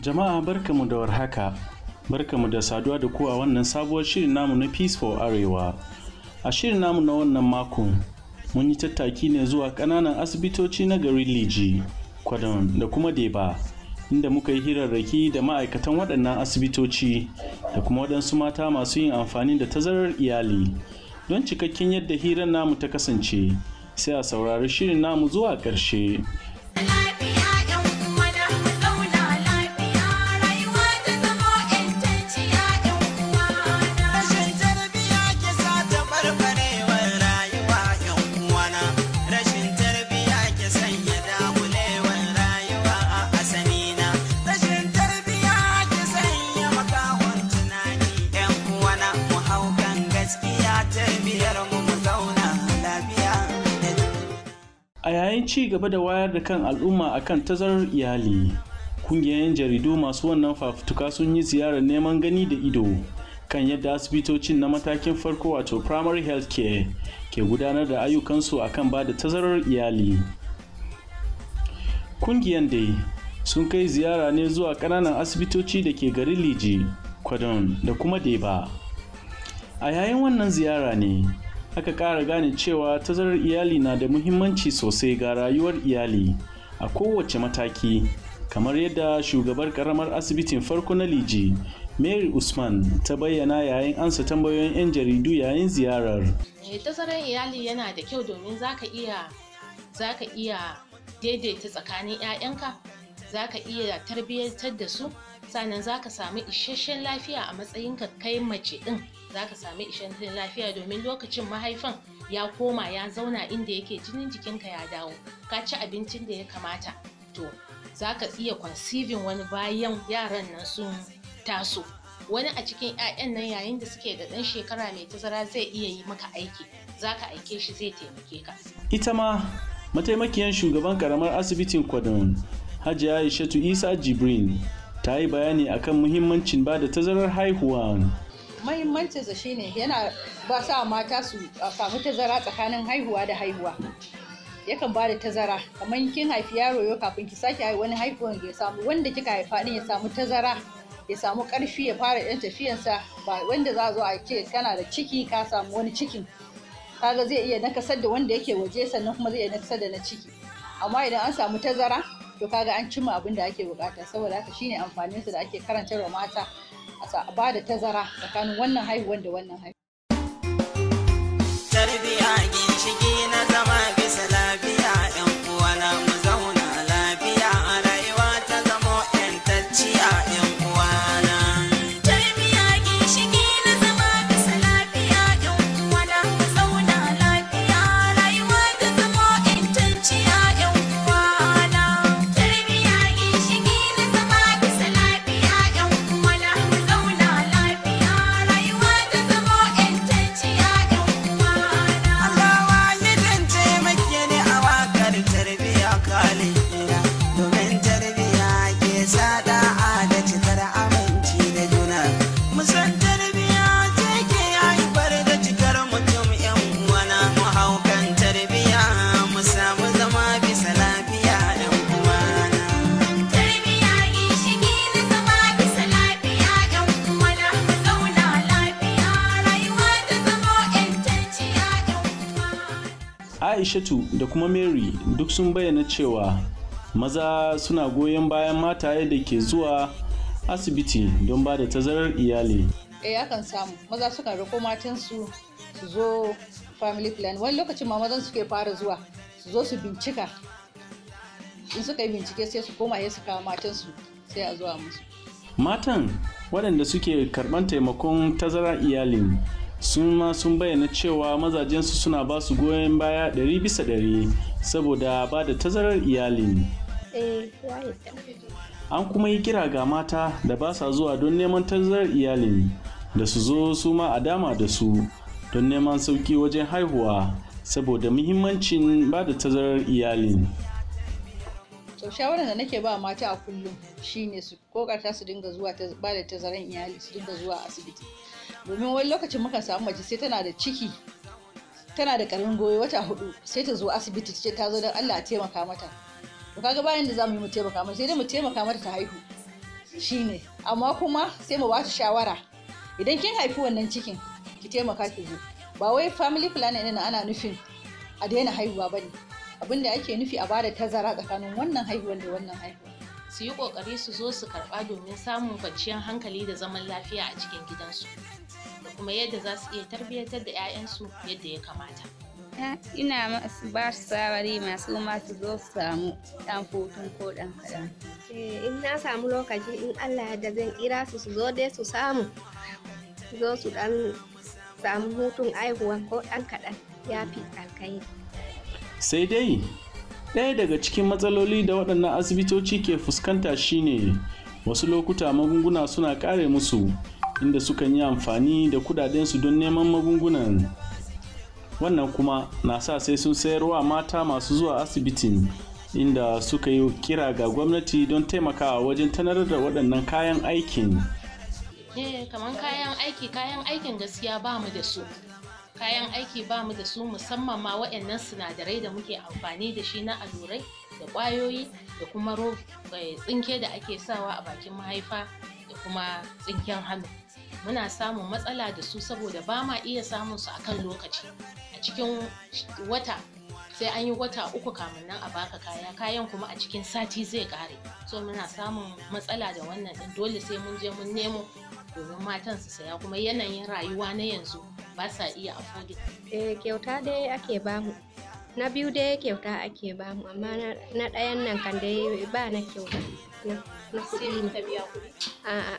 Jama'a barkamu da warhaka, barkamu da saduwa da ku a wannan sabuwar shirin namu na Peace for Arewa. A shirin namu na wannan makon, mun yi tattaki ne zuwa ƙananan asibitoci na garin Liji, Kwadon da kuma Deba, inda muka yi hirarraki da ma'aikatan waɗannan asibitoci da kuma waɗansu mata masu yin amfani da tazarar iyali. Don cikakken yadda hirar namu ta kasance, sai a saurari shirin namu zuwa ƙarshe. Bayan ci gaba da wayar da kan al'umma akan tazarar iyali, kungiyoyin jaridu masu wannan fafutuka sun yi ziyarar neman gani da ido kan yadda asibitocin na matakin farko wato primary health care ke gudanar da ayyukansu akan ba da tazarar iyali. Kungiyan dai sun kai ziyara ne zuwa ƙananan asibitoci da ke garin Liji, Kwadon da kuma Deba. A yayin wannan ziyara ne, aka ƙara gane cewa tazarar iyali na da muhimmanci sosai ga rayuwar iyali a kowace mataki kamar yadda shugabar karamar asibitin farko na liji mary usman ta bayyana yayin ansa tambayoyin 'yan jaridu yayin ziyarar eh, tazarar iyali yana da kyau domin zaka iya iya daidaita tsakanin 'ya'yanka za ka iya tarbiyyantar da su sannan za ka samu isasshen lafiya a matsayinka kai mace din za ka sami ishasshen lafiya domin lokacin mahaifan ya koma ya zauna inda yake jinin jikinka ya dawo ka ci abincin da ya kamata to za ka iya conceiving wani bayan yaran nan sun taso wani a cikin 'ya'yan nan yayin da suke da ɗan shekara mai tazara zai iya yi maka aiki za ka aike shi zai taimake ka ita ma mataimakiyar shugaban karamar asibitin kwadon hajiya aishatu isa jibrin ta yi bayani akan muhimmancin ba da tazarar haihuwa mahimmancin sa shine yana ba sa mata su samu tazara tsakanin haihuwa da haihuwa yakan ba da tazara kamar kin haifi yaro yau kafin ki sake haifi wani haihuwan ya samu wanda kika haifa din ya samu tazara ya samu karfi ya fara yan tafiyansa ba wanda za a zo a ce kana da ciki ka samu wani cikin kaga zai iya nakasar da wanda yake waje sannan kuma zai iya nakasar da na ciki amma idan an samu tazara to kaga an cimma abin da ake bukata saboda haka shine amfanin su da ake wa mata a ba da tazara tsakanin wannan haihuwan da wannan haihuwan. Tarbiya ginshiki na zama aishatu da kuma mary duk sun bayyana cewa maza suna goyon bayan mataye da ke zuwa asibiti don ba da tazarar iyali eh kan samu maza suka rako matansu su zo family plan wani lokacin ma mazan suke fara zuwa su zo su bincika in suka yi bincike sai su koma ya suka kawo matansu sai a zuwa musu matan waɗanda suke karɓar taimakon tazarar iyalin sun ma sun bayyana cewa mazajensu suna ba su goyon baya ɗari bisa ɗari saboda ba da tazarar iyalin. Eh, An kuma yi kira ga mata da ba sa zuwa don neman tazarar iyalin da su zo su ma a dama da su don neman sauki wajen haihuwa saboda muhimmancin ba da tazarar iyalin. sau shawarar da nake ba mata a kullum shine su kokarta su dinga zuwa ba da tazaran iyali su dinga zuwa asibiti domin wani lokacin muka samu mace sai tana da ciki tana da karin goyo wata hudu sai ta zo asibiti ta ce ta zo don Allah a taimaka mata to kaga bayan da zamu yi mu taimaka mata sai dai mu taimaka mata ta haihu shine amma kuma sai mu ba ta shawara idan kin haifi wannan cikin ki taimaka ki zo ba wai family planning ɗin ana nufin a daina haihuwa ba bane abinda ake nufi a bada tazara tsakanin wannan haihuwar da wannan haihuwar su yi ƙoƙari su zo su karɓa domin samun kwanciyar hankali da zaman lafiya a cikin gidansu. da kuma yadda za su iya tarbiyyantar da 'ya'yansu yadda ya kamata. ina ba su sabari masu masu zo su samu ɗan hutun ko ɗan kaɗan. Eh, in na samu lokaci in Allah da zan kira su su zo dai su samu zo su ɗan samu hutun aihuwa ko ɗan kaɗan ya fi alkai. sai dai ɗaya daga cikin matsaloli da waɗannan asibitoci ke fuskanta shine wasu lokuta magunguna suna ƙare musu inda sukan yi amfani da kudadensu don neman magungunan wannan kuma na sa sai sun sayarwa mata masu zuwa asibitin inda suka yi kira ga gwamnati don taimakawa wajen tanar da waɗannan kayan aikin eh, kamar kayan aiki kayan aikin gaskiya ba mu da su kayan aiki ba mu da su musamman ma waɗannan sinadarai da muke amfani da shi na allurai da ƙwayoyi da kuma eh, tsinke da ake sawa a bakin mahaifa da kuma tsinken hannu muna samun matsala da su saboda ba ma iya samun su akan lokaci a cikin wata sai an yi wata uku kamun nan a baka kaya kayan kuma a cikin sati zai kare so muna samun matsala da wannan din dole sai mun je mun nemo domin matan su saya kuma yanayin rayuwa na yanzu ba sa iya afodi eh kyauta dai ake bamu na biyu dai kyauta ake bamu amma na ɗayan nan kan dai ba na kyauta na kuɗi a'a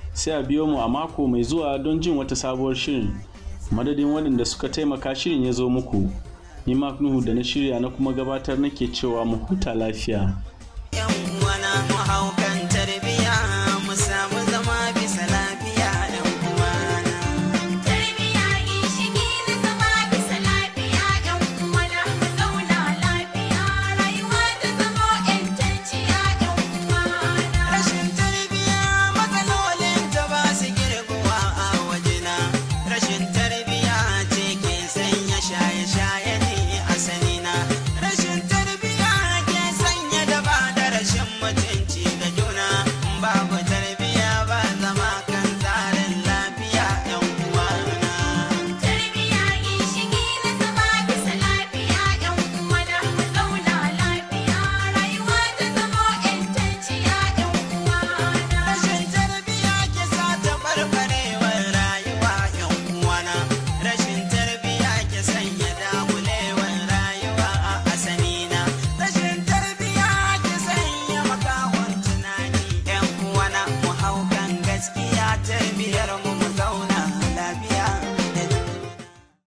sai a biyo mu a mako mai zuwa don jin wata sabuwar shirin madadin waɗanda suka taimaka shirin ya zo muku ni maknuhu da na shirya na kuma gabatar nake cewa mu huta lafiya